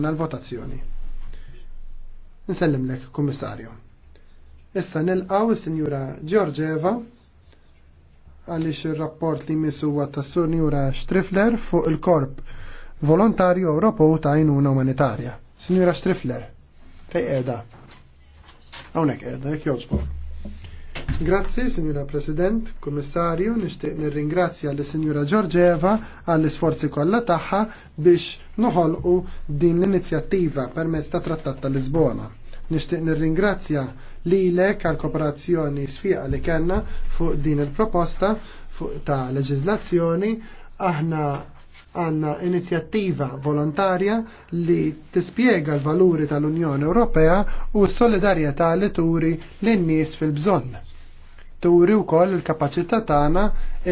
unna l-votazzjoni. Nsellimlek, kummissarju. Issa nilqaw is-Sinjura Georgieva għaliex ir-rapport li misu huwa tas-Sinjura Strifler fuq il-Korp Volontarju Ewropew ta' Għajnuna Umanitarja. Sinjura Strifler, fej qiegħda? Hawnhekk edha, jekk jogħġbok. Grazzi, Signora President, Kommissarju, nishtiq nirringrazzja għalli Signora Giorgieva għall isforzi kollha tagħha biex noħolqu din l-inizjattiva permezz ta' Trattat ta' Lisbona. Nishtiq nirringrazzja lilek għal kooperazzjoni sfiqa li kellna fuq din il-proposta fuq ta' leġiżlazzjoni aħna għanna inizjattiva volontarja li tispiega l-valuri tal-Unjoni Ewropea u s-solidarjetà li turi l-nies fil-bżonn turi wkoll il-kapaċità tagħna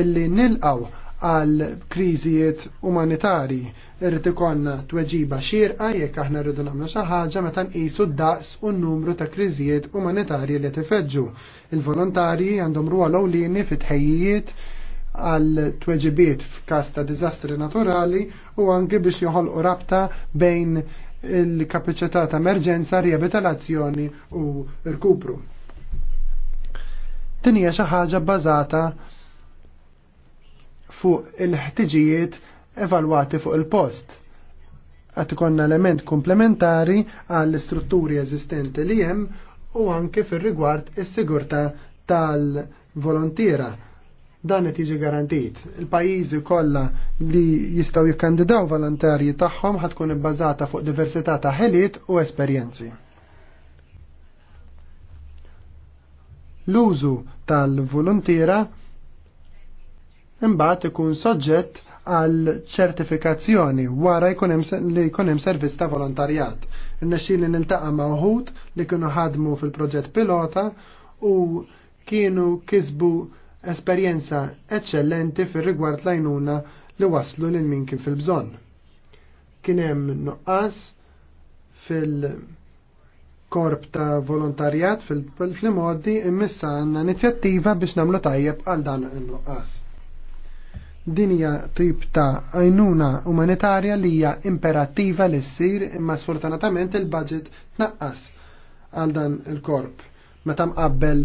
illi nilqgħu għal kriżijiet umanitari irrid ikollna tweġiba xierqa jekk aħna rridu nagħmlu xi ħaġa meta nqisu daqs u n-numru ta' kriżijiet umanitarji li tifeġġu. Il-volontarji għandhom rwol ewlieni fit-tħejjijiet għal tweġibiet f'każ ta' diżastri naturali u anke biex joħolqu rabta bejn il-kapaċità ta' emerġenza, riabilitazzjoni u rkupru. Tinija xi ħaġa bbażata fuq il-ħtiġijiet evalwati fuq il-post. Għat ikonna element komplementari għall istrutturi eżistenti li hemm u anke fir-rigward is-sigurta tal-volontiera dan qed jiġi garantit. Il-pajjiżi kollha li jistgħu jikkandidaw volontarji tagħhom tkun ibbażata fuq diversità ta' ħiliet u esperjenzi. L-użu tal-volontira imbagħad ikun soġġett għal ċertifikazzjoni wara li jkun hemm servizz ta' volontarjat. li niltaqa' ma' uħud li kienu ħadmu fil-proġett pilota u kienu kisbu esperjenza eċċellenti fir-rigward lajnuna li waslu lil min kien fil-bżonn. Kien hemm nuqqas fil-, -bżon. fil korp ta' volontarjat fil-modi immissa għanna inizjattiva biex namlu tajjeb għal dan il-nuqqas. Dinja tip ta' għajnuna umanitarja li hija imperattiva li ssir imma sfortunatament il-budget tnaqqas għal dan il-korp meta mqabbel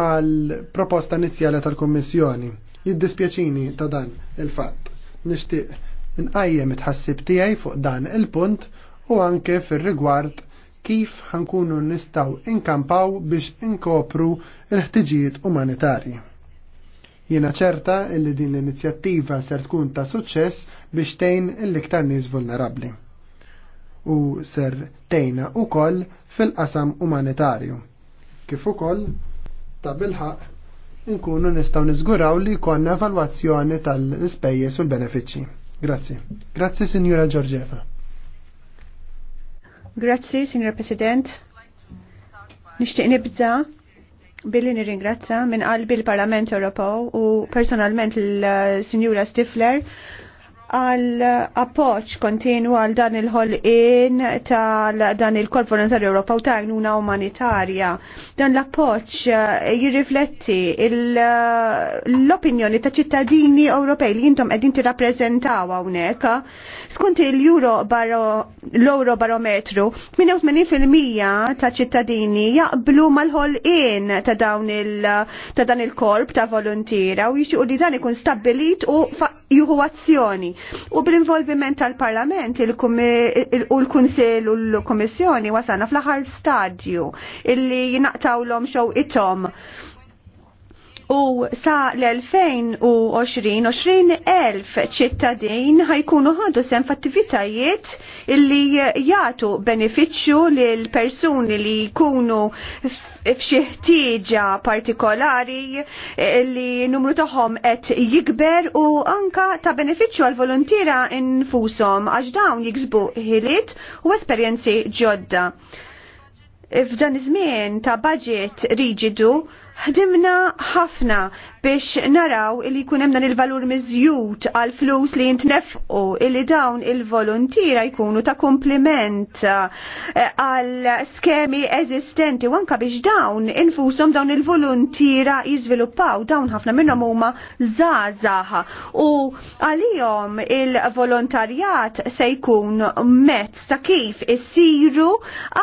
mal-proposta inizjali tal-Kommissjoni. Jiddispjaċini ta' dan il-fatt. Nixtieq nqajjem it-ħassib tiegħi fuq dan il-punt u anke fir-rigward kif ħankunu nistaw inkampaw biex inkopru l-ħtiġijiet umanitarji. Jiena ċerta illi din l-inizjattiva ser tkun ta' suċċess biex tgħin l-iktar nies vulnerabbli. U ser tejna ukoll fil-qasam umanitarju. Kif ukoll ta' bilħaq inkunu nistaw nizguraw li konna evalwazzjoni tal-ispejjeż u l-benefiċċji. Grazzi. Grazzi Sinjura Giorgefa. Grazzi, Signor President. Nixtieq nibda billi nirringrazza minn qalbi l-Parlament Ewropew u personalment l-Sinjura Stifler għal appoċ kontinu għal dan il-ħolqin tal dan il-Korp Volontarju Ewropa u ta' għnuna umanitarja. Dan l-appoċ eh, jirrifletti l-opinjoni ta' ċittadini Ewropej li jintom għedin tirrappreżentaw hawnhekk. Skont l euro l-Euro Barometru, 88% ta' ċittadini jaqblu mal-ħolqin ta' dawn il-korp ta' volontira u u li dan ikun stabilit u juhu azzjoni U bl-involviment tal-Parlament u l-Kunsel u l-Komissjoni wasana fl-aħħar stadju illi naqtawlhom xew itom u sa l-2020 20,000 ċittadin ħajkunu ħadu sem f'attivitajiet illi jagħtu benefiċċju lil persuni li jkunu f'xi ħtieġa partikolari li numru tagħhom qed jikber u anka ta' benefiċċju għal volontira infushom għax dawn jiksbu ħiliet u esperjenzi ġodda. F'dan iż-żmien ta' budget riġidu ħdimna ħafna biex naraw illi jkun hemm dan il-valur miżjud għal flus li jintnefqu illi dawn il-volontira jkunu ta' kompliment eh, għal skemi eżistenti u anka biex dawn infushom dawn il-volontira jiżviluppaw dawn ħafna minnhom huma żgħażagħ u għalihom il-volontarjat se jkun mezz ta' kif isiru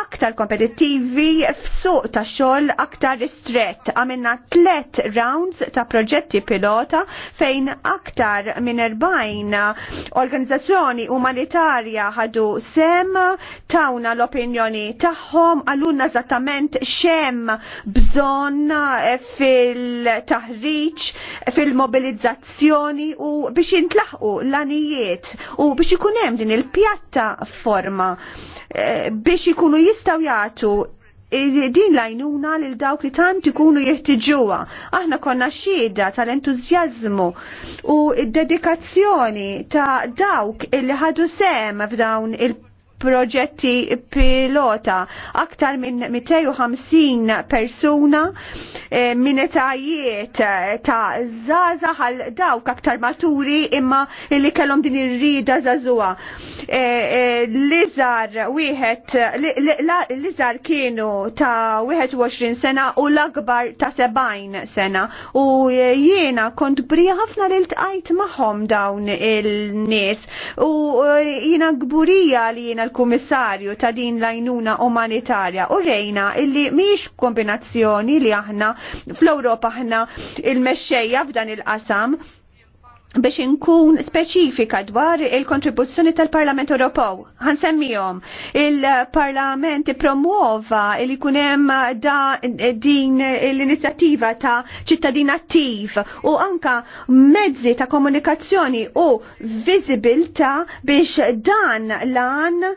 aktar kompetittivi f'suq ta' xogħol aktar ristret għamilna tlet rounds ta' proġetti pilota fejn aktar minn 40 organizzazzjoni umanitarja ħadu sem tawna l-opinjoni tagħhom għalunna eżattament xem bżonn eh, fil-taħriġ, fil-mobilizzazzjoni u biex jintlaħqu l-anijiet u biex ikun hemm din il pjatta forma eh, biex ikunu jistgħu jagħtu din lajnuna lil dawk li tant ikunu jeħtiġuha. Aħna konna xieda tal-entużjażmu u d-dedikazzjoni ta' dawk li ħadu sem f'dawn il- proġetti pilota. Aktar minn 250 persuna eh, minn etajiet eh, ta' zaza għal dawk aktar maturi imma illi kellhom din ir-rida l E, eh, Lizar wieħed l li, Lizar kienu ta' 21 sena u l-akbar ta' 70 sena u jiena kont brija ħafna li ltqajt magħhom dawn il-nies u jiena gburija li jiena l-Kummissarju ta' din l umanitarja u rejna illi miex kombinazzjoni li aħna fl-Ewropa aħna il-mexxejja f'dan il-qasam biex inkun speċifika dwar il-kontribuzzjoni tal-Parlament Ewropew. semmijom, il-Parlament promuova il jkun hemm din l-inizjattiva ta' ċittadin attiv u anka mezzi ta' komunikazzjoni u visibilta biex dan lan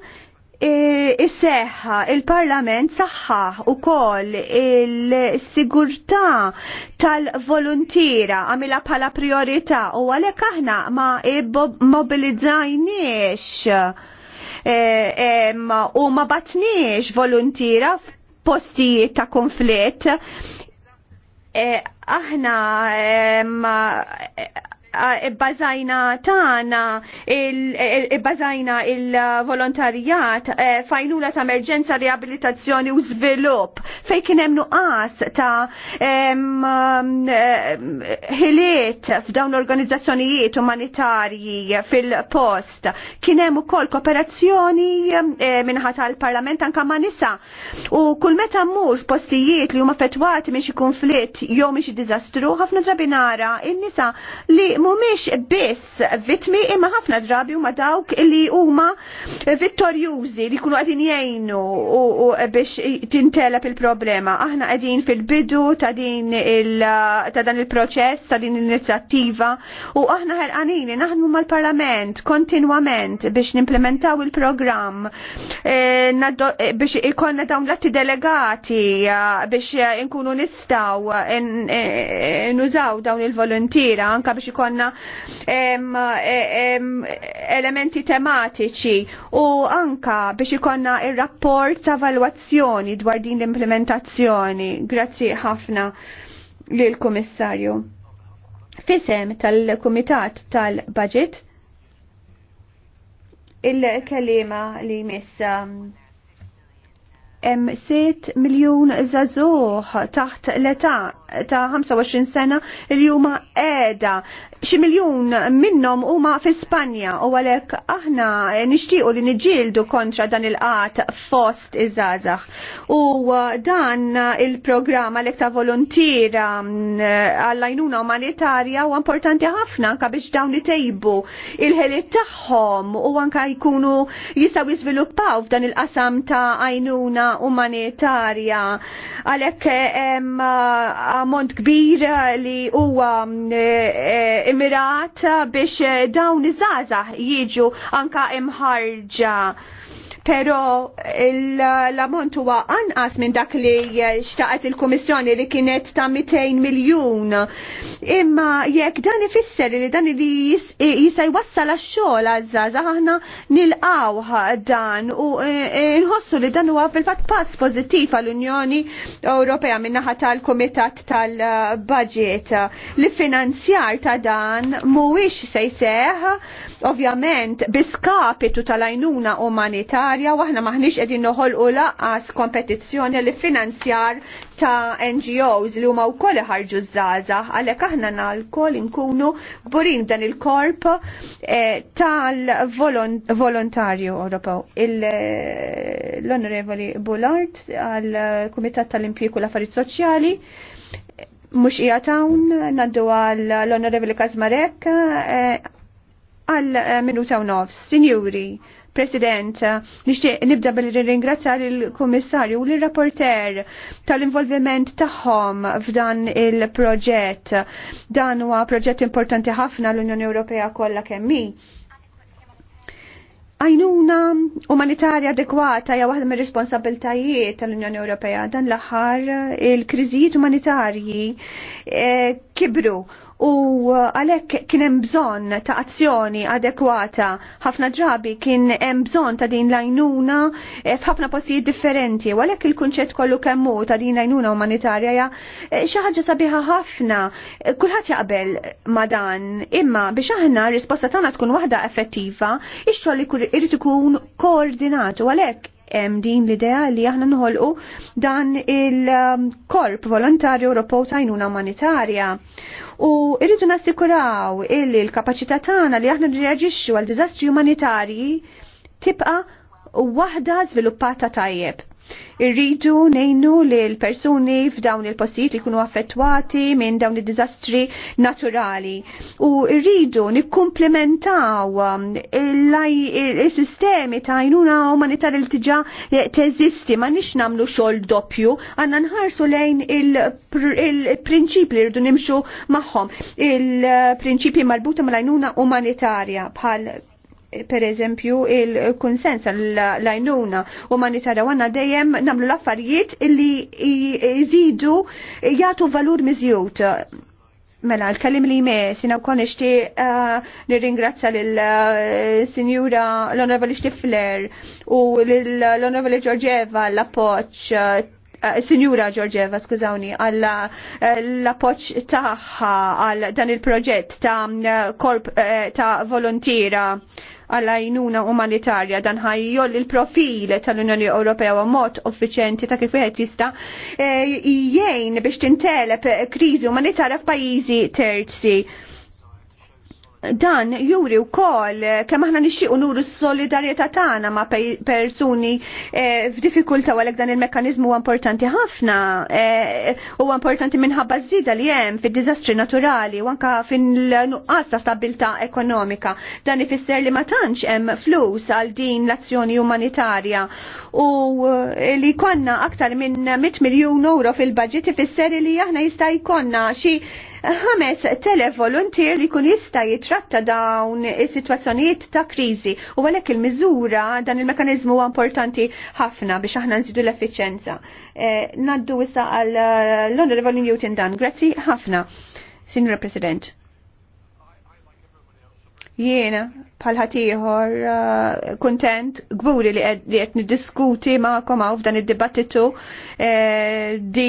Eh, is-seħħa, il-parlament saħħa u koll il-sigurtà tal-volontira għamila bħala priorità u għalek aħna ma mobilizzajniex eh, u ma batniex volontira f'postijiet ta' konflitt. Eh, aħna Eh, bazajna tana, eh, bazajna il-volontarijat, eh, fajnuna ta' emerġenza, riabilitazzjoni u svilup, fej kien hemm nuqas ta' ħiliet f'dawn l-organizzazzjonijiet umanitarji fil-post. Kien hemm ukoll kooperazzjoni minħat tal-Parlament anka ma' nisa. U kull meta mmur postijiet li huma fetwati minn xi konflitt jew minn xi diżastru, ħafna drabi nara in-nisa li mumiex biss vitmi imma ħafna drabi huma dawk li huma vittorjużi li jkunu qegħdin jgħinu u biex tintela il-problema. Aħna qegħdin fil-bidu ta' din il ta' dan il-proċess ta' din l-inizjattiva u aħna ħerqanin naħdmu mal-Parlament kontinwament biex nimplementaw il-programm eh, eh, biex ikonna dawn l-atti delegati eh, biex inkunu nistaw nużaw dawn il-volontira anka biex ikonna ikonna elementi tematiċi u anka biex ikonna il-rapport ta' valwazzjoni dwar din l-implementazzjoni. Grazzi ħafna lill-Kummissarju. Fisem tal-Kumitat tal-Budget il-kelima li missa hemm 6 miljun żagħżugħ taħt l-età ta' 25 sena li huma qiegħda xi miljun minnhom huma fi Spanja u għalhekk aħna nixtiequ li niġġieldu kontra dan il-qat fost iż-żgħażagħ. U uh, dan il-programm għalhekk ta' volontira um, għall-għajnuna umanitarja u importanti ħafna anke biex dawn itejbu il-ħeliet tagħhom u anke jkunu jistgħu jiżviluppaw f'dan il-qasam ta' għajnuna umanitarja. Għalhekk eh, hemm uh, ammont kbir li huwa eh, imirat biex eh, dawn iż żgħażagħ jiġu anka imħarġa pero l-ammont huwa anqas minn dak li xtaqet il-Kummissjoni li kienet ta' 200 miljun. Imma jekk dan ifisser li dan li jista' jwassal għax-xogħol għaż-żgħażagħ aħna nilqgħu dan u e, nħossu li dan huwa fil-fatt pass pożittiv għall-Unjoni Ewropea min-naħa tal-Kumitat tal-Budget li finanzjar ta' dan mhuwiex se jseħ ovvjament biskapitu tal-għajnuna umanitarja finanzjarja u aħna maħniex qegħdin noħolqu laqas kompetizzjoni li finanzjar ta' NGOs li huma wkoll ħarġu żgħażagħ għalhekk aħna nalkoll inkunu gburin dan il-korp eh, tal-volontarju Ewropew. L-Onorevoli Bullard għal-Kumitat tal-Impjiku l-Affarijiet Soċjali mux tawn naddu għal l-Onorevoli Kazmarek, eh, għal minuta u nofs, Sinjuri. President, nixtieq nibda billi nirringrazzja il-Kummissarju u l-rapporter tal-involviment tagħhom f'dan il-proġett. Dan huwa proġett importanti ħafna l-Unjoni Ewropea kollha kemm Għajnuna umanitarja adekwata ja waħda mir-responsabiltajiet tal-Unjoni Ewropea dan l-aħħar il-kriżijiet umanitarji eh, kibru u uh, għalek kien hemm bżonn ta' azzjoni adekwata. Ħafna drabi kien hemm bżonn ta' din lajnuna eh, f'ħafna postijiet differenti. U għalhekk il-kunċett kollu kemm hu ta' din lajnuna umanitarja ja eh, xi ħaġa sabiħa ħafna. Eh, kulħadd jaqbel ma' dan, imma biex aħna r risposta tagħna tkun waħda effettiva, ix-xogħol irid ikun koordinat u għalhekk hemm din l-idea li aħna nħolqu dan il-korp volontarju ta' tajnuna umanitarja. U irridu nassikuraw illi l kapacità tagħna li aħna nirreaġixxu għal diżastri umanitarji tibqa' waħda żviluppata tajjeb. Irridu nejnu li l-persuni f'dawn il-postijiet li kunu affettwati minn dawn il-dizastri naturali. U irridu nikkumplementaw um, il-sistemi ta' jnuna umanitar il tiġa teżisti ma nix namlu xol doppju għanna nħarsu lejn il-prinċipi li rridu nimxu maħħom il-prinċipi marbuta mal-għajnuna umanitarja bħal per eżempju il-konsens l ajnuna u ma nitaraw għanna dejjem namlu l-affarijiet illi jizidu jgħatu valur mizjut. Mela, l kallim li me, sina u kon ixti uh, nir-ringrazza l uh, signura l-onorevoli Stifler u l onorvali Giorgieva l-appoċ uh, Eh, Sinjura Giorgieva, skużawni, għalla eh, l-appoċ taħħa għal dan il-proġett ta' eh, korp ta' volontira għalla jnuna umanitarja dan ħajjoll il-profil tal-Unjoni Ewropea u mod uffiċenti ta' kif wieħed jista' jgħin biex tintelep kriżi umanitarja f'pajjiżi terzi dan juri u kol kem aħna nixxiqu nuru s-solidarieta tagħna ma' persuni e, eh, f'diffikulta għalek dan il-mekkanizmu huwa importanti ħafna eh, u e, importanti minħabba żida li hemm fid-diżastri naturali u anka fin-nuqqas ta' stabilità ekonomika. Dan ifisser li ma tantx hemm flus għal din l-azzjoni umanitarja u eh, li konna aktar minn 100 miljun euro fil-budget ifisser li aħna jista' jkollna xi ħames tele li kun jista jitratta dawn is-sitwazzjonijiet ta' kriżi u għalhekk il-miżura dan il-mekanizmu huwa importanti ħafna biex aħna nżidu l-effiċenza. E, naddu issa għal eh, l-Onorevoli Newton Dan. Grazzi ħafna, Signora President. Jiena palħatiħor, uh, kontent gburi li qed niddiskuti ma'kom hawn f'dan id-dibattitu eh, uh,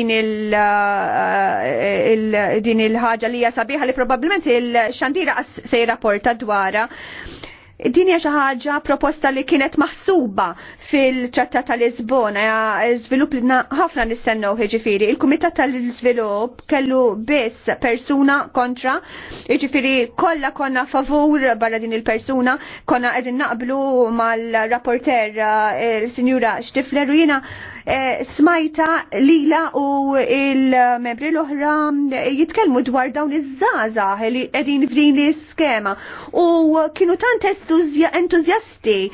eh, din il-ħaġa li hija sabiħa li probabbilment il-xandira se jirrapporta dwara Din hija xi ħaġa proposta li kienet maħsuba fil-Trattat tal-Lisbona, żvilupp li ħafna nistennew ġifieri. Il-Kumitat tal-Iżvilupp kellu biss persuna kontra, jiġifieri kollha konna favur barra din il-persuna, konna qegħdin naqblu mal-rapporter eh, il-Sinjura Stifler u jiena eh, smajta lila u il-membri l-oħra eh, jitkellmu dwar dawn iż-żaza li qegħdin f'din l-iskema u kienu tant entuzjasti.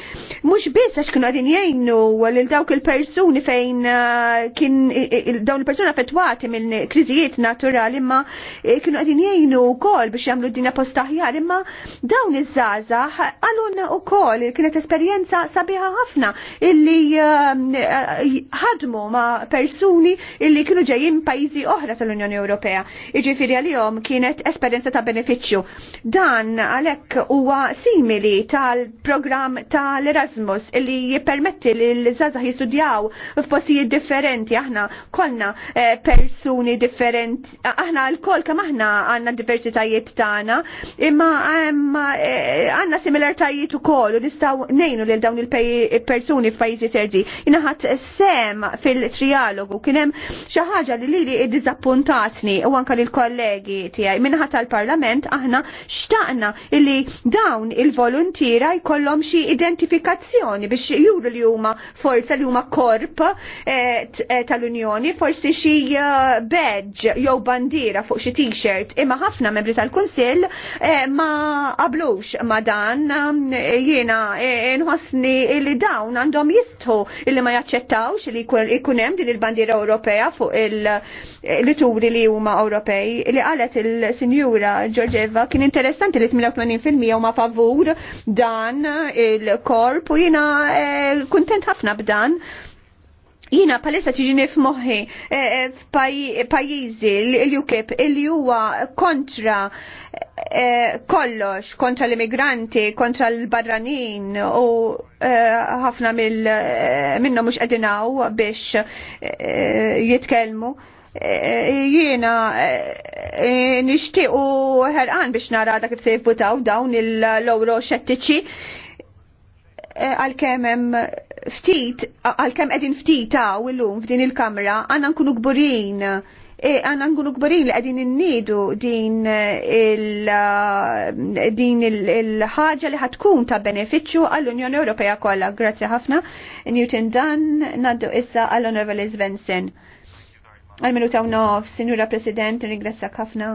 Mux biss għax kienu għadin jgħinu lil dawk il-persuni fejn eh, kien eh, eh, dawn il-persuni affettwati minn krizijiet naturali imma kienu għadin u kol biex jagħmlu dina postaħjar imma dawn iż għaluna u kol kienet esperjenza sabiħa ħafna illi ħadmu ma' persuni illi kienu ġejjin pajjiżi oħra tal-Unjoni Ewropea. Iġifieri jom kienet esperjenza ta' benefiċċju. Dan għalhekk huwa simili tal-programm tal-Erasmus li jippermetti li l-żazah jistudjaw f'postijiet differenti aħna kolna eh, persuni differenti aħna l-kol kam aħna għanna diversitajiet tagħna imma eh, għanna similaritajiet ukoll u nejnu ngħinu lil dawn il-persuni f'pajjiżi terzi. Inaħat sem fil-trialogu kien hemm xi ħaġa li lili iddiżappuntatni u anke lill-kollegi tiegħi minħat tal-Parlament aħna xtaqna illi dawn il-volonti frontiera jkollhom xi identifikazzjoni biex juru li huma forza li huma korp eh, eh, tal-Unjoni, forsi xi eh, badge jew bandiera fuq xi t-shirt, imma ħafna membri tal-Kunsill ma qablux ma dan jiena nħossni li dawn għandhom jistħu li ma jaċċettawx li jkun hemm din il-bandiera Ewropea fuq il-lituri li huma Ewropej li qalet il-Sinjura Georgieva kien interessanti li 88% huma favur dan il-korp u jina eh, kuntent ħafna b'dan jina palissa tiġini f'moħi eh, f'pajizi l-UKIP il huwa kontra eh, kollox, kontra l-immigranti, kontra l-barranin u ħafna minnu mux għedinaw biex jitkelmu. Jiena Eh, nishtiqu herqan biex nara dak kif se jivvutaw dawn il-lowro xettiċi eh, għal-kem ftit, għal-kem edin ftit għaw il lum f'din il-kamra, għanna nkunu gburin, eh, għanna nkunu gburin li għedin n-nidu din il-ħagġa li ħatkun ta' beneficju għall-Unjoni Ewropea kollha. Grazie ħafna, Newton Dunn, naddu issa għall-Honorable Svensson. Għal-minu ta' nof, Sinjura President, ringrazza ħafna.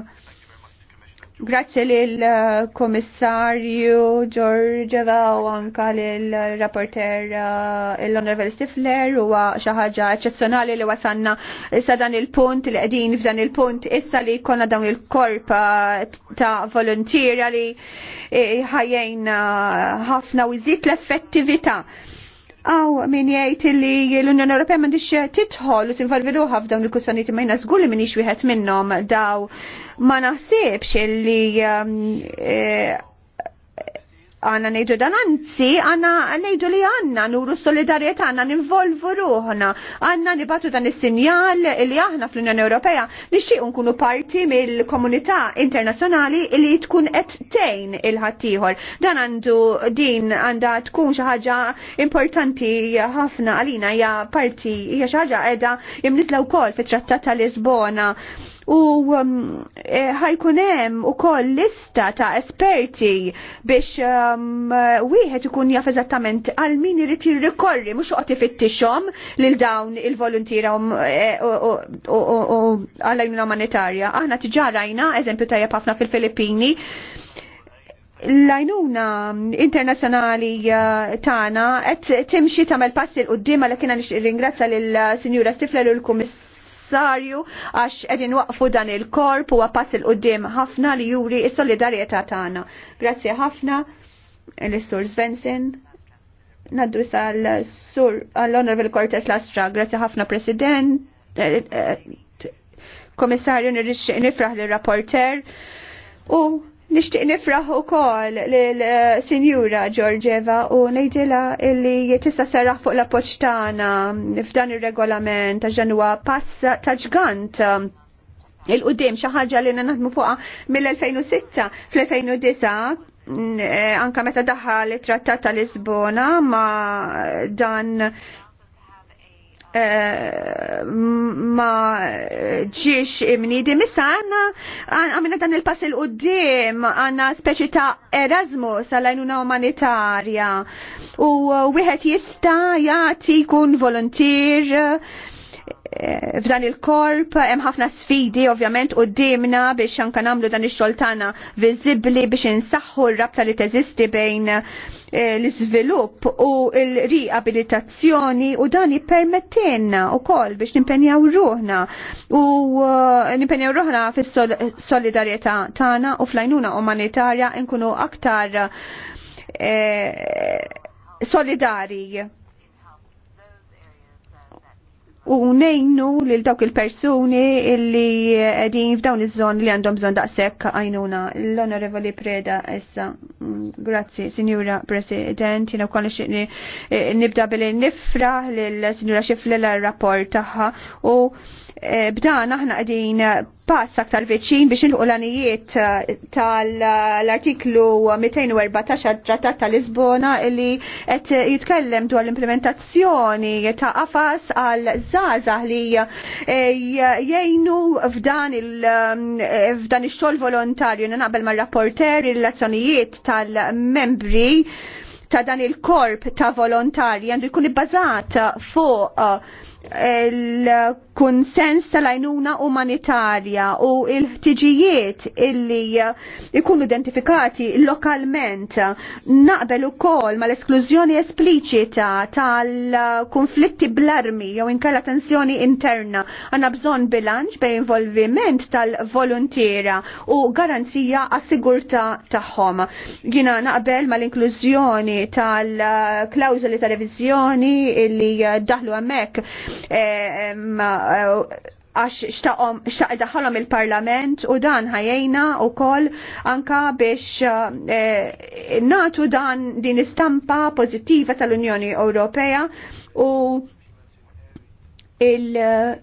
Grazie l-Komissarju Giorgeva u anka l-rapporter eh, l-Onorevole Stifler u xaħġa eccezzjonali li wasanna sa dan il-punt li qegħdin f'dan il-punt issa li konna dawn il-korp eh, ta' volontiera li eh, ħajjajna ħafna u jżid l-effettività. Aw min jgħid li l-Unjoni Ewropea m'għandix titħol u tinvolvi ħafna f'dawn il-kussjonijiet ma żgur li minix wieħed minnhom daw ma naħsibx illi um, eh, għanna nejdu dan anzi għanna nejdu li għanna nuru solidarieta għanna ninvolvu ruħna għanna nibatu dan il-sinjal li aħna fl-Unjoni Ewropea nixi nkunu parti mill-komunità internazzjonali li tkun qed tejn il-ħaddieħor. Dan għandu din għandha tkun xi ħaġa importanti ħafna għalina hija parti hija xi ħaġa qiegħda imnitla wkoll fit-Trattat ta' Lisbona u um, eh, ħajkun hemm ukoll lista ta' esperti biex um, wieħed ikun jaf eżattament għal min irid jirrikorri mhux qed ifittixhom lil dawn il-volontira eh, għal ajnuna umanitarja. Aħna tiġarajna eżempju tajjeb ħafna fil-Filippini l-għajnuna internazjonali eh, tana qed timxi tamel passi l-qoddima għal kiena nix ringrazza l-Sinjura Stifler u l-Komissar necessarju għax edin waqfu dan il-korp huwa pass il qoddim ħafna li juri s-solidarjetà tagħna. Grazzi ħafna l-Sur Svensson. Naddu sal-Sur għall-Honorable Cortes Lastra. Grazzi ħafna President. Eh, eh, Komissarju nirriċċi nifraħ l-rapporter u Nishtiq nifraħ eh, u kol l-Sinjura Giorgeva u nejdila illi tista serraħ fuq la poċtana f'dan il-regolament ta' ġanwa pass ta' ġgant il-qoddim xaħġa li naħdmu fuqa mill-2006 fl-2009 mm, eh, anka meta daħħal it-trattat ta' Lisbona ma dan Eh, ma ġiex imnidi missa għanna għamina dan il-pass il-qoddim għanna speċi ta' Erasmus għal-għajnuna umanitarja u wieħed jista' jagħti jkun volontir f'dan il-korp hemm ħafna sfidi ovvjament qudiemna biex anke nagħmlu dan ix-xogħol tagħna viżibbli biex insaħħu r-rabta li teżisti bejn eh, l-iżvilupp u l-riabilitazzjoni u dan jippermettilna wkoll biex nimpenjaw ruħna u eh, nimpenjaw ruħna fis-solidarjetà tagħna u fl-għajnuna umanitarja nkunu aktar eh, solidari u nejnu lil dawk il-persuni illi għedin f'dawn iż-żon li għandhom bżon daqshekk għajnuna. L-Onorevoli Preda issa. Grazzi, Signora President, jiena wkoll nibda bil nifra lil Sinjura Xifle l-rapport tagħha u Eh, b'dan aħna qegħdin pass aktar veċin biex nilħu l-anijiet eh, tal-artiklu 214 trattat tal-Lisbona li qed jitkellem dwar l-implementazzjoni ta' għafas għal żgħażagħ li eh, jgħinu f'dan f'dan ix-xogħol volontarju naqbel mar-rapporter il lazzjonijiet tal-membri ta' dan il-korp ta' volontarji għandu jkun ibbażat fuq il-kunsens tal-għajnuna umanitarja u il-ħtiġijiet illi ikunu identifikati lokalment naqbel ukoll ma l-esklużjoni espliċita tal-konflitti bl-armi jew inkella tensjoni interna għanna bżonn bilanċ bej involviment tal volontira u garanzija għas-sigurta tagħhom. Jina naqbel ma l-inklużjoni tal-klawżoli ta' revizjoni illi daħlu hemmhekk Eh, eh, għax xtaq il-parlament u dan ħajjena u kol anka biex eh, natu dan din istampa pozittiva tal-Unjoni Ewropea u il-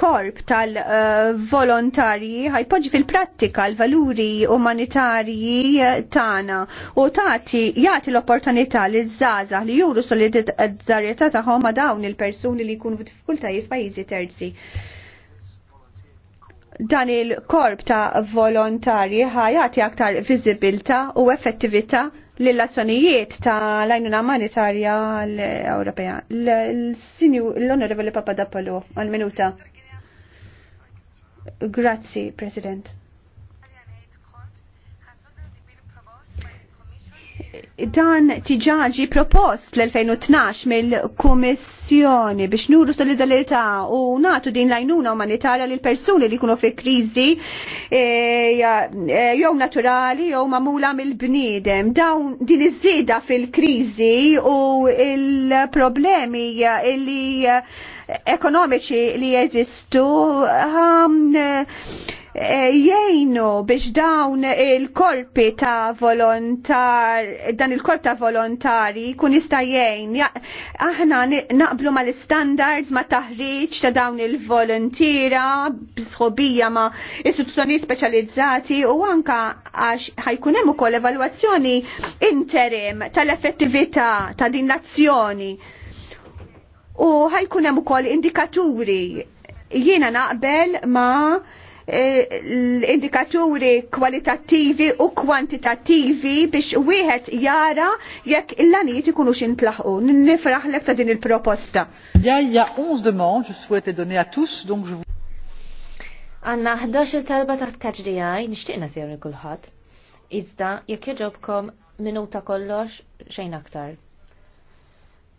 korp tal-volontarji ħajpoġġi fil-prattika l-valuri umanitarji tagħna u tagħti jagħti l-opportunità li zaza li juru solidarjetà tagħhom ma' dawn il-persuni li jkunu f'diffikultajiet f'pajjiżi terzi dan il-korp ta' volontari ħajati aktar viżibilta u effettività l-azzjonijiet ta' l-ajnuna umanitarja l-Ewropea. L-Sinju, l-Onorevoli Papadapolo, għal-minuta. Grazzi, President. dan tiġaġi propost l-2012 mill-Komissjoni biex nuru solidarietà u natu din lajnuna umanitarja lil persuni li kunu fi krizi e, e, jew naturali jew mamula mill-bniedem. Dawn din iż-żieda fil-krizi u il-problemi li ekonomiċi li jeżistu eh, eh, jgħinu biex dawn il-korpi ta' volontar, dan il-korp ta' volontari kun jista' jgħin. Aħna naqblu mal standards ma' taħriġ ta' dawn il-volontira, sħobija ma' istituzzjoni speċjalizzati u anka għax ħajkun hemm ukoll evalwazzjoni interim tal-effettività ta' din l-azzjoni u ħajkun hemm ukoll indikaturi. Jiena naqbel ma eh, l-indikaturi kwalitattivi u kwantitattivi biex wieħed jara jekk il-lanijiet ikunux intlaħqu. Nifraħ lek ta' din il-proposta. Ja, ja, 11 demandes, je souhaitais donner à tous, donc je vous... Għanna 11 talba taħt kaġrijaj, nishtiqna tjewni kullħat. Iżda, jekk joġobkom minuta kollox, xejn aktar.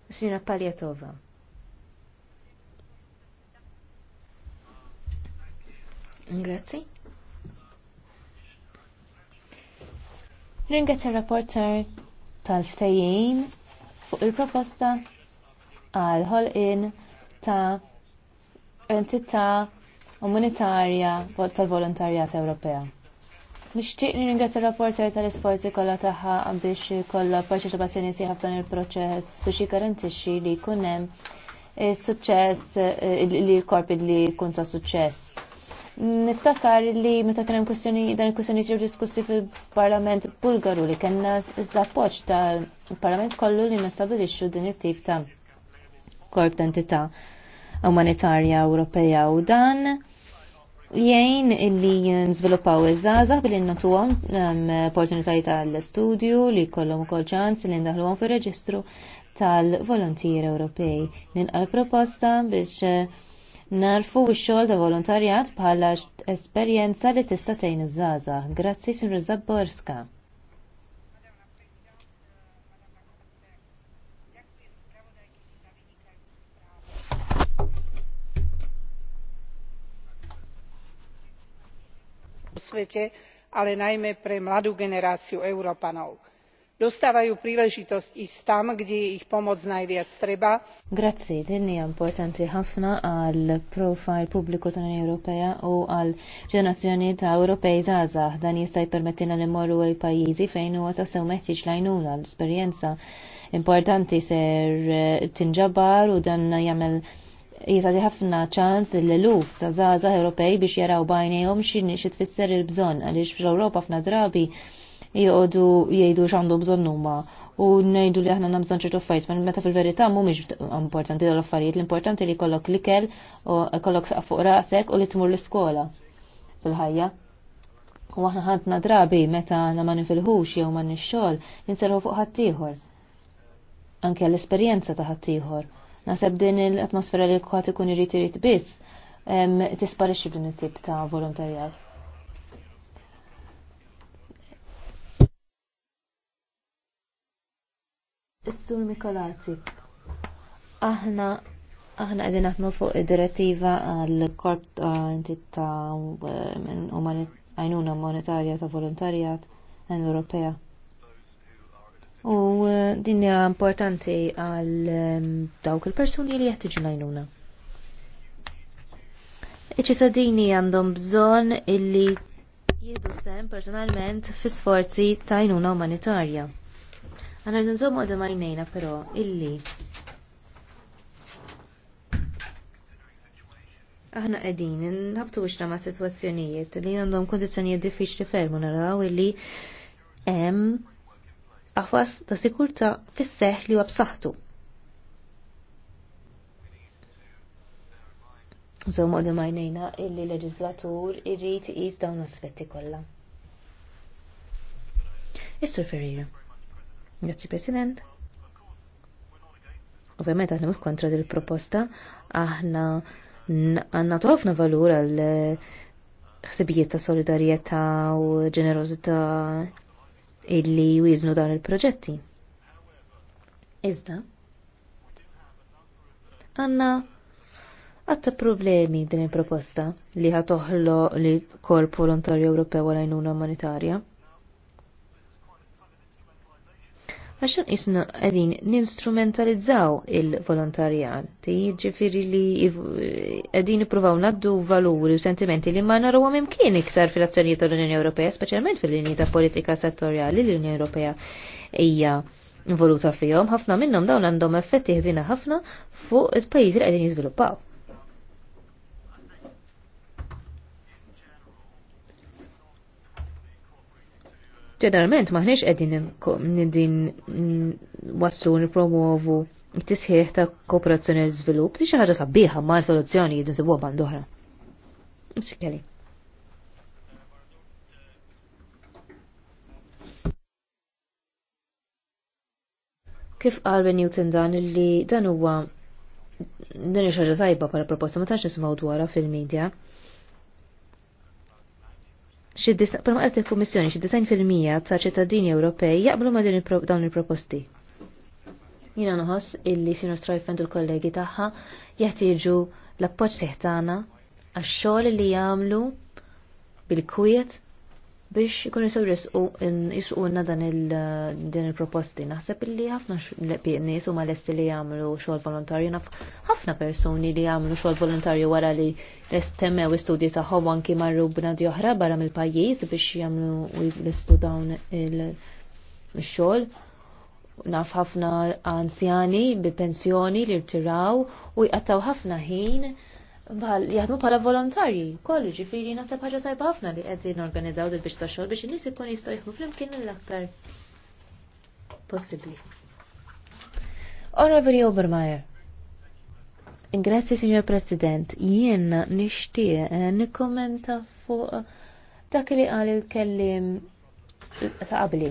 Sina Paljetova. Ringrazio il rapporter tal ftajin fuq il-proposta għal ħolqien ta' entità umanitarja tal-volontarjat Ewropea. Nixtieq nirringrazzja rapporter tal-isforzi kollha tagħha biex kollha parċiċipazzjoni sieħ f'dan il-proċess biex jikkarantixxi li jkun hemm eh, suċċess eh, li korpi li jkun ta' suċċess. Niftakar li meta kien hemm kwestjoni dan il-kwestjoni ġew diskussi fil-Parlament Bulgaru li kellna iżda appoġġ tal-Parlament kollu li nistabilixxu din it-tip ta' korp d'entità umanitarja Ewropea u dan jgħin illi nżviluppaw iż-żgħażagħ billi nagħtuhom ehm, opportunitajiet tal-studju li jkollhom ukoll ċans li ndaħluhom fir-reġistru tal-volontieri Ewropej. Ninqal proposta biex narfu u xol ta' volontarjat bħala esperienza li tista' tgħin iż-żgħażagħ. Grazzi Sinru Zabborska. svete ale najmä pre mladú generáciu európanov dostávajú príležitosť ísť tam kde je ich pomoc najviac treba. Grazzi, din hija importanti ħafna għal profile pubbliku tal-Unjoni Ewropea u għal ġenerazzjoni ta' Ewropej żgħażagħ dan jista' jippermettilna li mmorru għal pajjiżi fejn huwa tassew meħtieġ lajnuna l-esperjenza importanti ser tinġabar u dan jagħmel jitati ħafna ċans l-luf ta' zaza Ewropej biex jaraw bajnejhom xi tfisser il-bżonn għaliex fl-Ewropa f'na drabi jgħodu jgħidu xandu bżonn huma u ngħidu li aħna nabżon ċertu fajt, ma meta fil-verità mhumiex importanti l affarijiet l-importanti li jkollok l-ikel u jkollok saqaf fuq rasek u li tmur l-iskola fil-ħajja. U aħna ħadna drabi meta na ma nifilħux jew ma nix-xogħol fuq ħaddieħor. Anke l-esperjenza ta' ħaddieħor. Naseb din l-atmosfera li kwaħt ikun irid irid biss b'din din it-tip ta' volontarjat. Is-Sur Mikolazzi, Aħna aħna qegħdin naħdmu fuq id-direttiva għal korp ta' eh, għajnuna monetarja ta' volontarjat Ewropea. U eh, din hija importanti għal eh, dawk il-persuni li jeħtieġu għajnuna. Iċ-ċittadini għandhom bżonn illi jiedu sem personalment fi sforzi ta' għajnuna umanitarja n nżommu għadu majnejna pero illi aħna qegħdin nħabtu wiċna ma' sitwazzjonijiet li għandhom kondizzjonijiet diffiċli fermu naraw illi hemm għafas ta' sikurta fis li huwa b'saħħtu. għadu majnejna illi leġislatur irrit iqis dawn l-aspetti kollha. Is-Sur Grazie President. Ovvjament aħna mux kontra din proposta aħna għandna ħafna valur għal eh, ħsibijiet ta' solidarjetà u ġenerozita illi jwiznu dawn il-proġetti. Iżda, għanna għatta problemi din il-proposta li ħatoħlo li korp volontarju Ewropew għal-għajnuna umanitarja. għaxan isna għedin ninstrumentalizzaw il-volontarjat, ġifiri li għedin ipruvaw naddu valuri u sentimenti li ma naraw għamim iktar fil-azzjonijiet tal-Unjoni Ewropea, specialment fil-linji ta' politika settorjali l-Unjoni Ewropea hija involuta fihom, ħafna minnhom dawn għandhom effetti ħżina ħafna fuq il-pajjiżi li qegħdin jiżviluppaw. ġeneralment maħniex qegħdin din waslu nipromuovu t-tisħiħ ta' kooperazzjoni l żvilupp li xi ħaġa sabiħa ma' soluzzjoni jidin sibuha band oħra. X'kelli. Kif qal Newton dan li dan huwa dan xi ħaġa tajba bħala proposta ma tantx nisimgħu dwarha fil-medja. Palma għalet il-Kommissjoni, xi design fil-mija ta' ċittadini Ewropej jaqblu ma' dawn il-proposti. Jina nħoss illi sinu strajfend il-kollegi tagħha jeħtieġu l-appoġġ seħtana għax xoll li jgħamlu bil-kwiet biex ikun jisaw jisqu jisqunna dan il-proposti. Naħseb li ħafna nies huma lesti li jagħmlu xogħol volontarju naf ħafna persuni li jagħmlu xogħol volontarju wara li estemmew istudji tagħhom anki marru b'nadi oħra barra mill-pajjiż biex jagħmlu jlistu dawn il-xogħol naf ħafna anzjani bi pensjoni li rtiraw u jqattaw ħafna ħin bħal jaħdmu bħala volontarji, kollu ġifiri naħseb ħaġa tajba ħafna li għedin organizzaw dil biex tax-xogħol biex in ikun jistgħu jieħdu flimkien l-aktar possibbli. Honorable Obermeyer. Ingrazzi, Signor President. Jien nixtieq eh, nikkommenta fuq dak li qal il-kellim ta' qabli.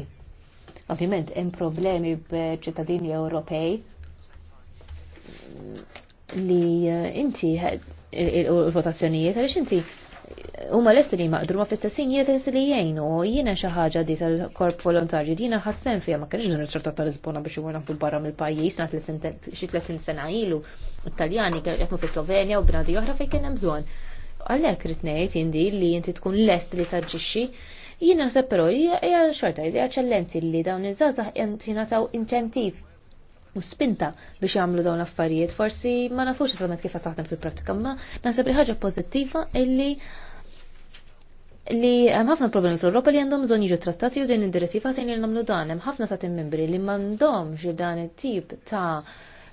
Ovvjament hemm problemi b'ċittadini Ewropej li eh, inti il-votazzjonijiet għaliex inti huma lesti li maqdru ma fl-istessin jiet lesti li jgħinu jiena xi ħaġa di tal-korp volontarju li jiena ħadsen fija ma kienx dan it tal Lisbona biex imur naħdu barra mill-pajjiż nagħt xi 30 sena ilu Italjani jaħdmu fi Slovenja u bnadi oħra fejn kien hemm bżonn. Għalhekk rid ngħid indi li inti tkun lest li taġġiċi, Jina sepp però hija xorta idea eċċellenti li dawn iż-żgħażagħ jingħataw inċentiv u spinta biex jagħmlu dawn l-affarijiet. Forsi ma nafux eżattament kif qed taħdem fil-prattika, ma naħseb li ħaġa pożittiva illi li hemm ħafna problemi fl-Ewropa li għandhom bżonn jiġu trattati u din id-direttiva tgħin li nagħmlu dan. Hemm ħafna ta' membri li m'għandhomx dan it-tip ta'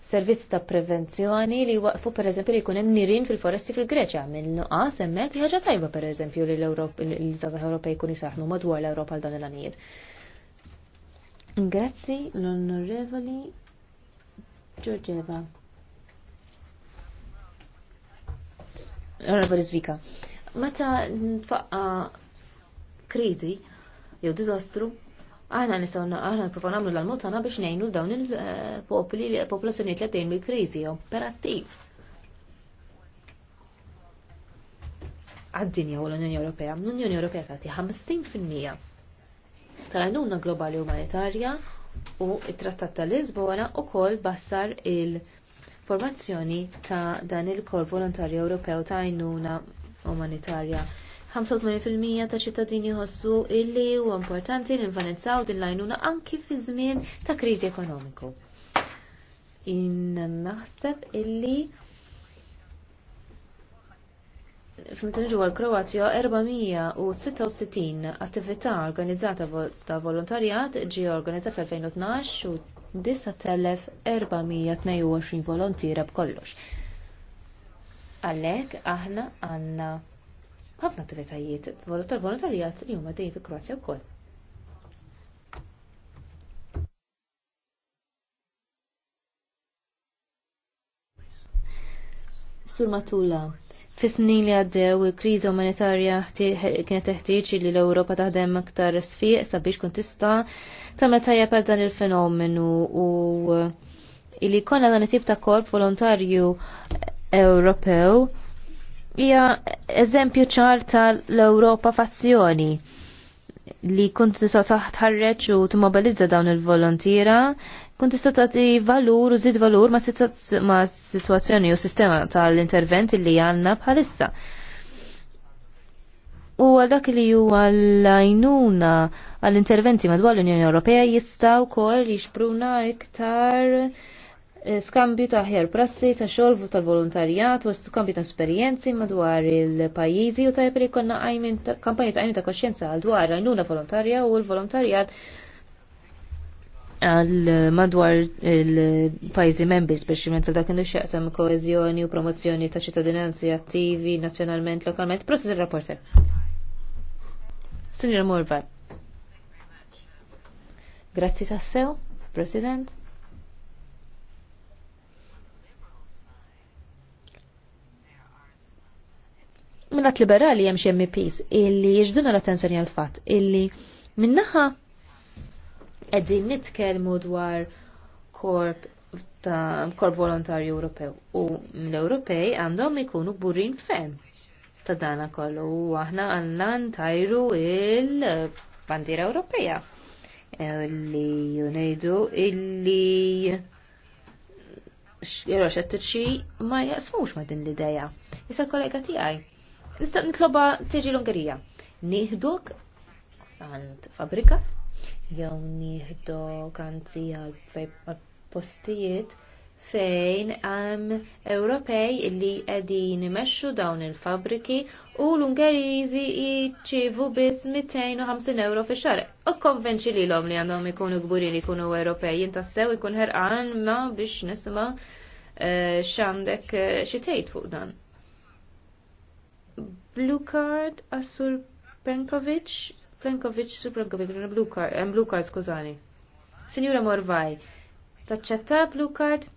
servizz ta' prevenzjoni li waqfu pereżempju li jkun hemm nirin fil-foresti fil-Greċja minn nuqqas hemmhekk li ħaġa tajba pereżempju li l-Ewrop Ewropej jkun jisaħnu madwar l-Ewropa għal dan il-għanijiet. Grazzi l-Onorevoli Georgieva. Onorevoli Zvika, meta nfaqqa krizi jew diżastru, aħna nistgħu aħna nipprova nagħmlu l-almut tagħna biex ngħinu dawn il-popoli eh, popolazzjonijiet li għaddejn l kriżi operattiv. Għad-dinja u l-Unjoni Ewropea, l-Unjoni Ewropea tagħti 50% tal-għajnuna globali umanitarja u it-Trattat ta' Lisbona wkoll bassar il-formazzjoni ta' dan il kor Volontarju Ewropew ta' għajnuna umanitarja. 85% ta' ċittadini jħossu illi huwa importanti li nvanizzaw din l anki fi żmien ta' kriżi ekonomiku. Inna naħseb illi fimtin ġewwa l-Kroatja 466 attività organizzata ta' volontarjat ġie organizzata fl-2012 u 9422 volontira b'kollox. Għalhekk aħna għandna ħafna attivitajiet volontarjat li huma dejjem fil-Kroatja wkoll. Sur Matula, Fis-snin li għaddew il kriżi umanitarja kienet teħtieġ li l-Ewropa taħdem aktar sfiq sabiex kun tista' tagħmel tajja għal dan il-fenomenu u eh, li konna dan it-tip ta' korp volontarju eh, Ewropew hija eżempju ċar tal-Ewropa fazzjoni li kunt tista' taħt ħarreċ u timobilizza dawn il-volontira Kont tista' tagħti valur u żid valur ma' sitwazzjoni u sistema tal-intervent li għandna bħalissa. U għal dak li huwa l-għajnuna għall-interventi madwar l-Unjoni Ewropea jista' wkoll jixpruna iktar eh, skambju ta' ħjar prassi, ta' xorvu tal-volontarjat, u skambju ta' esperienzi madwar il-pajizi u ta' li konna għajmin kampanji ta' għajmin ta' koxjenza għal dwar għajnuna volontarja u l-volontarjat għal madwar il-pajzi membri, speċjalment għal dak xaqsam koezjoni u promozjoni ta' ċittadinanzi attivi nazzjonalment, lokalment. Prosit il-rapporter. Signor Morva. Grazzi tassew, President. Minnat liberali jemxie MPs illi jiġduna l-attenzjoni għal-fat illi minnaħa qegħdin nitkellmu dwar korp ta' korp volontarju Ewropew u l-Ewropej għandhom ikunu burin fem ta' dana kollu u aħna għandna ntajru il-bandiera Ewropeja li ngħidu illi xettiċi ma jaqsmux ma din l-ideja. Issa kollega tiegħi. Nista' nitloba tiġi l-Ungerija. Nieħduk għand fabrika jew nieħdu kanzi għal postijiet fejn hemm Ewropej li qegħdin imexxu dawn il-fabriki u l-Ungeriżi jiċċievu biss 250 euro fi xar. Okkonvenċi lilhom li għandhom ikunu kburin ikunu Ewropej jintassew ikun ħerqan ma biex nisma' eh, x'għandek eh, xi tgħid fuq dan. Blue card Assur Penkovic Frankovic, Suprankovic, blue card, em blue card, skużani. Signora Morvaj, taċċetta blue card?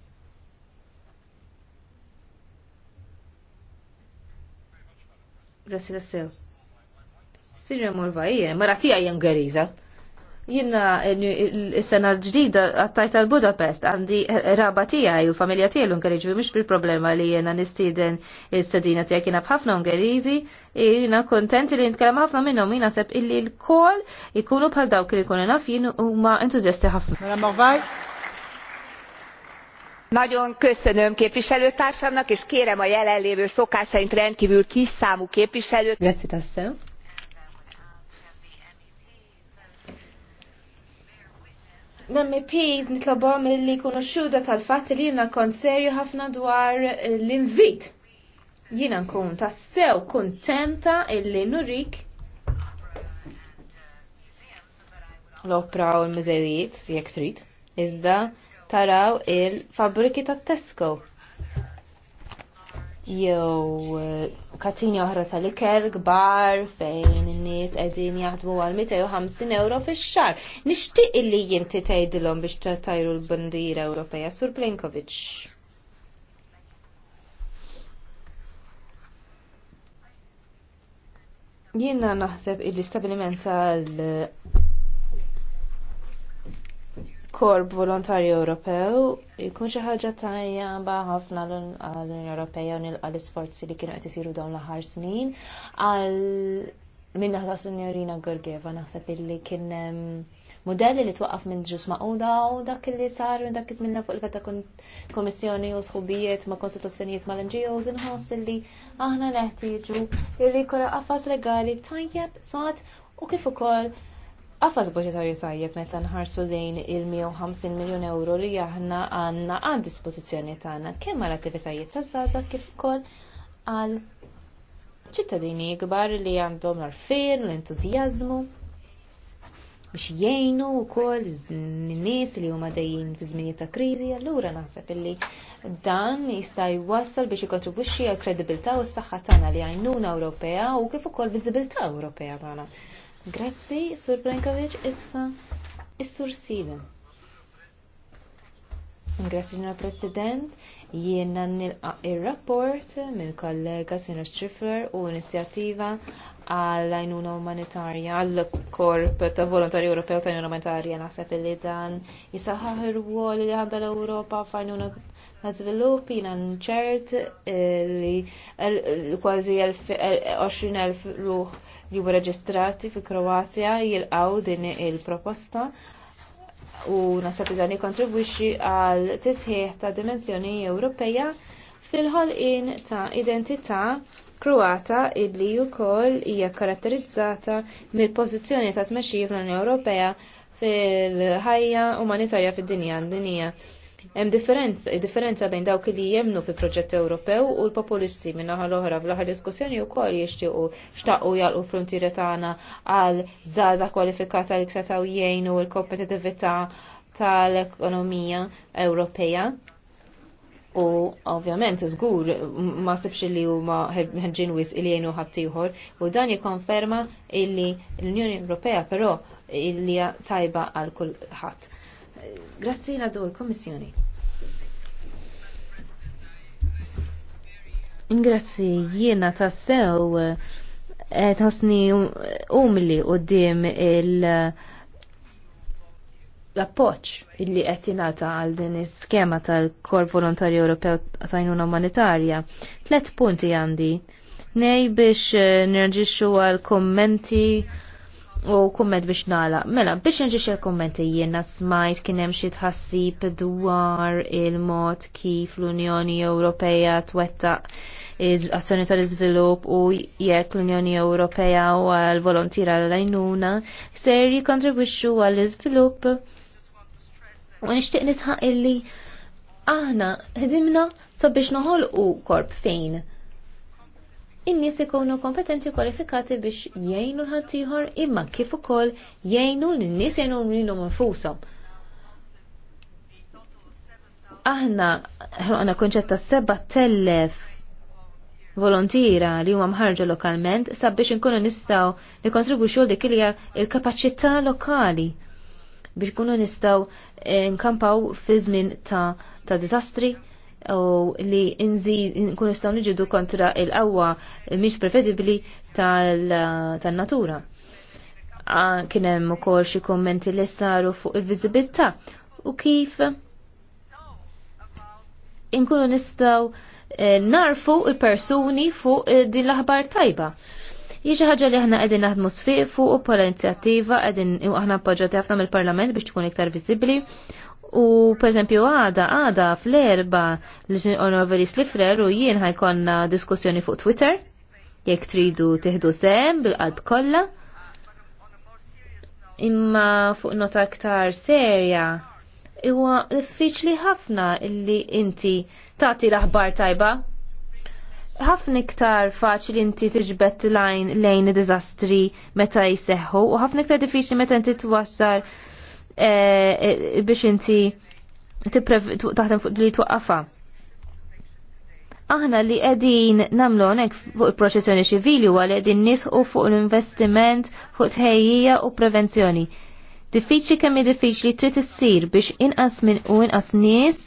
Grazie da sew. Signora Morvaj, Maratia maratija jengeriza. Jina s-sena ġdida għattajt għal-Budapest għandi raba tijaj u familja tijaj l-Ungarġi mux bil-problema li jena nistiden il-stadina tijaj kiena bħafna Ungarizi jina kontenti li nitkellem ħafna minnom jina sepp illi l-kol ikunu bħal dawk li jkunu naf jina u ma entuzjasti ħafna. Nagyon köszönöm képviselőtársamnak, és kérem a jelenlévő szokás szerint rendkívül kis számú képviselőt. Grazie, l-MPs nitlobom li kunu xuda tal-fat li jina kont serju ħafna dwar l-invit. Jina nkun tassew kontenta illi nurik l-opra u l-mużejiet, jek trid, iżda taraw il-fabriki ta' Tesco jew eh, katina oħra tal-ikel gbar fejn n-nis għedin jaħdmu għal 250 euro fix-xar. Nixtieq illi jinti tajdilom biex tajru l-bandira Ewropeja, Sur Plenkovic. Jiena naħseb il-istabiliment tal korb volontarju Ewropew jkun xi ħaġa ba' ħafna għall-Unjoni Ewropea u għal isforzi li kienu qed isiru dawn l-aħħar snin għal minn naħseb Signorina Gorgeva naħseb illi kien modelli li twaqqaf minn ġus maquda u dak li sar minn dak iż-żmien fuq il-feta Kommissjoni u sħubijiet ma' konsultazzjonijiet mal-NGOs inħoss li aħna neħtieġu li jkollha qafas legali tajjeb sod u kif ukoll Għafas budgetarju tajjeb meta nħarsu lejn il-150 miljon euro li aħna għandna għan dispozizjoni tagħna kemm għal attivitajiet ta' żgħażagħ kif ukoll għal ċittadini kbar li għandhom l-arfin, l-entużjażmu biex jgħinu wkoll n-nies li huma dejjin fi żminijiet ta' kriżi, allura naħseb illi dan jista' jwassal biex ikontribwixxi għal kredibilità u s-saħħa tagħna li għajnuna Ewropea u kif ukoll viżibilità Ewropea tagħna. Grazzi, Sur Brankovic, issa Is-Sur Steven. Grazzi ġeneral President, jiena nilqa ir-rapport mill-kollega Sinur Strifler u inizjattiva għall-għajnuna umanitarja, għall-korp ta' volontari Ewropew ta' għajnuna umanitarja, naħseb li dan jisaħħaħ ir-wol li għandha l-Ewropa f'għajnuna ta' svilupp jiena nċert eh, li eh, kważi 20,000 eh, ruħ li huwa reġistrati fi Kroazja jilqaw din il-proposta u nasab li dan jikkontribwixxi għal tisħiħ ta' dimensjoni Ewropeja fil-ħolqien ta' identità Kroata illi wkoll hija karatterizzata mill-pożizzjoni ta' tmexxija fl-Unjoni Ewropea fil-ħajja umanitarja fid-dinja għad dinja Hemm differenza, differenza bejn dawk li jemnu fi proġett Ewropew u l-populisti minn naħa l-oħra fl-aħħar diskussjoni wkoll jixtiequ x'taqgħu jalqu frontiera tagħna għal żgħażagħ kwalifikata li ksetaw jgħinu l-kompetitività tal-ekonomija Ewropea. U ovvjament żgur ma sibx li huma ħinwis wis li jgħinu ħaddieħor u dan jikkonferma illi l-Unjoni Ewropea però illi tajba għal kulħadd Grazzi la dol kommissjoni. Ingrazzi jiena tassew eh, tħossni umli dim il- l-appoċ illi qed jingħata għal din is-skema tal-Korp Volontarju Ewropew tajnuna umanitarja. Tlet punti għandi. Nej biex eh, nirġixxu għal kommenti u kumment biex nala. Mela, biex nġi xer kommenti jiena smajt kienem xie tħassib dwar il-mod kif l-Unjoni Ewropeja twetta azzjoni tal-izvilup u jekk l-Unjoni Ewropeja u għal-volontira l-għajnuna ser jikontribwixxu għall-izvilup u nixtieq nisħaq illi aħna hedimna sabiex u korb fejn in-nies ikunu kompetenti u kwalifikati biex jgħinu l-ħaddieħor imma kif ukoll jgħinu lin-nies jgħinu lilhom infushom. Aħna għandna konċett ta' seba' tellef volontira li huma mħarġa lokalment sabiex inkunu nistgħu nikkontribwixxu dik hija l-kapaċità lokali biex kunu nistgħu eh, nkampaw fi żmien ta', ta disastri u li nkun nistgħu niġidu kontra il-qawwa mhix prevedibbli tal-natura. Kien hemm ukoll xi kummenti li saru fuq il-viżibilità u kif inkunu nistgħu eh, narfu il-persuni fuq eh, din l-aħbar tajba. Jiġi ħaġa li aħna qegħdin naħdmu sfiq fuq u bħala inizjattiva qegħdin aħna appoġġjati ħafna mill-Parlament biex tkun iktar viżibbli. U pereżempju għada għada fl-erba li onorveri u jien ħajkonna diskussjoni fuq Twitter jekk tridu tiħdu sem bil-qalb kollha. Imma fuq nota aktar serja huwa diffiċli ħafna illi inti tagħti l-aħbar tajba ħafna iktar faċli inti tiġbed lajn lejn diżastri meta jseħħu u ħafna iktar diffiċli meta inti twassar eh, eh, biex inti taħdem fuq li twaqqafa. Aħna li qegħdin nagħmlu hekk fuq il-proċessjoni ċivili huwa li qegħdin nisħu fuq l-investiment fuq tħejjija u prevenzjoni. Diffiċli kemm diffiċli trid issir biex inqas minn u inqas nies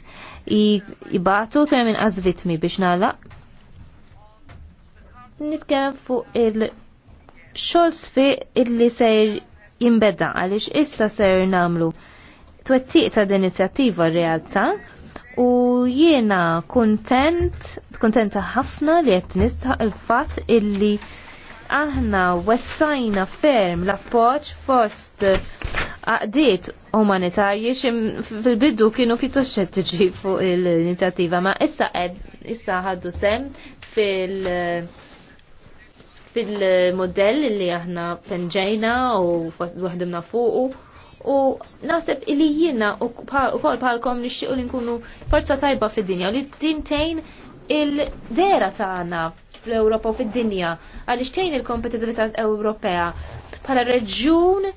jibatu kemm inqas vitmi biex nagħlaq nitkellem fuq il-xogħol fi illi sejr jimbeda għaliex issa sejr namlu twettiq ta' din inizjattiva realtà u jiena kontent, kontenta ħafna li qed nistaq il-fatt illi aħna wessajna ferm l-appoġġ fost għaqdiet umanitarji fil-biddu kienu pjuttost xettiġi fuq il inizjattiva ma issa qed issa ħaddu sem fil- fil-modell li aħna penġejna u waħdimna fuqu u naħseb illi jina u kol palkom li xiequ li nkunu forza tajba fid-dinja u li dintejn il-dera tagħna fl-Ewropa u fid-dinja għaliex tgħin il kompetitivita Ewropea bħala reġjun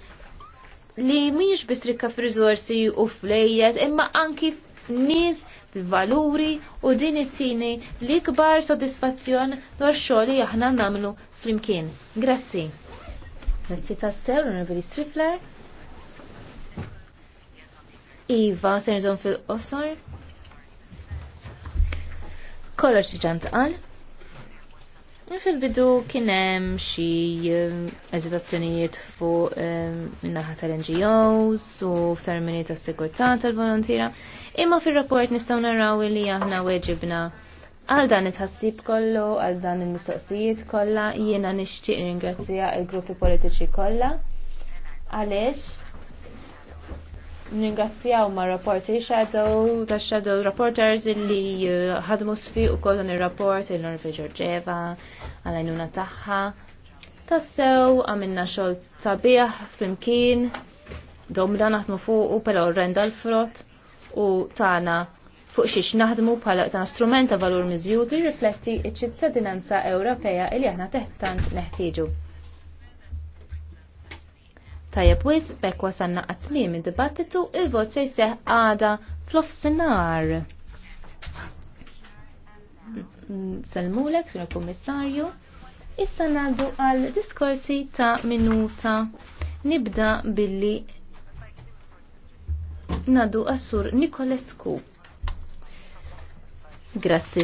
li mhijiex bistrikka f'riżorsi u f-lejjet imma anki f-nis l-valuri u din it-tini l-ikbar soddisfazzjon dwar xogħol li aħna nagħmlu flimkien. Grazzi. Grazzi tassew l-Onorevoli Strifler. Iva, serżon fil-qosor. Kolor xieġan ġant qal. Fil-bidu kienem xie um, eżitazzjonijiet fuq um, minnaħa tal-NGOs u f'termini ta' sigurtà tal-volontira. Imma fil-rapport nistaw naraw li aħna weġibna għal dan it-ħassib kollu, għal dan il-mistoqsijiet kollha, jiena nixtieq ringrazzja il-gruppi politiċi kollha. Għaliex? Ningrazzjaw ma' rapporti shadow, ta' shadow reporters illi eh, ħadmu sfi u kollon il-rapport il-Norvi Ġorġeva, għalajnuna taħħa. Tassew għamilna xol tabiħ flimkien, dan għatmu fuq u pala renda l-frott u tana fuq xiex naħdmu pala ta' strument ta' valur mizjut li rifletti iċ-ċittadinanza Ewropea illi aħna teħtant neħtieġu. Tajab wis, bekwa sanna għatmim id-dibattitu, il-vot se jseħ għada fl-offsinar. Salmulek, Sur Kummissarju. issa naddu għal diskorsi ta' minuta. Nibda billi naddu għassur Nikolesku. Grazzi.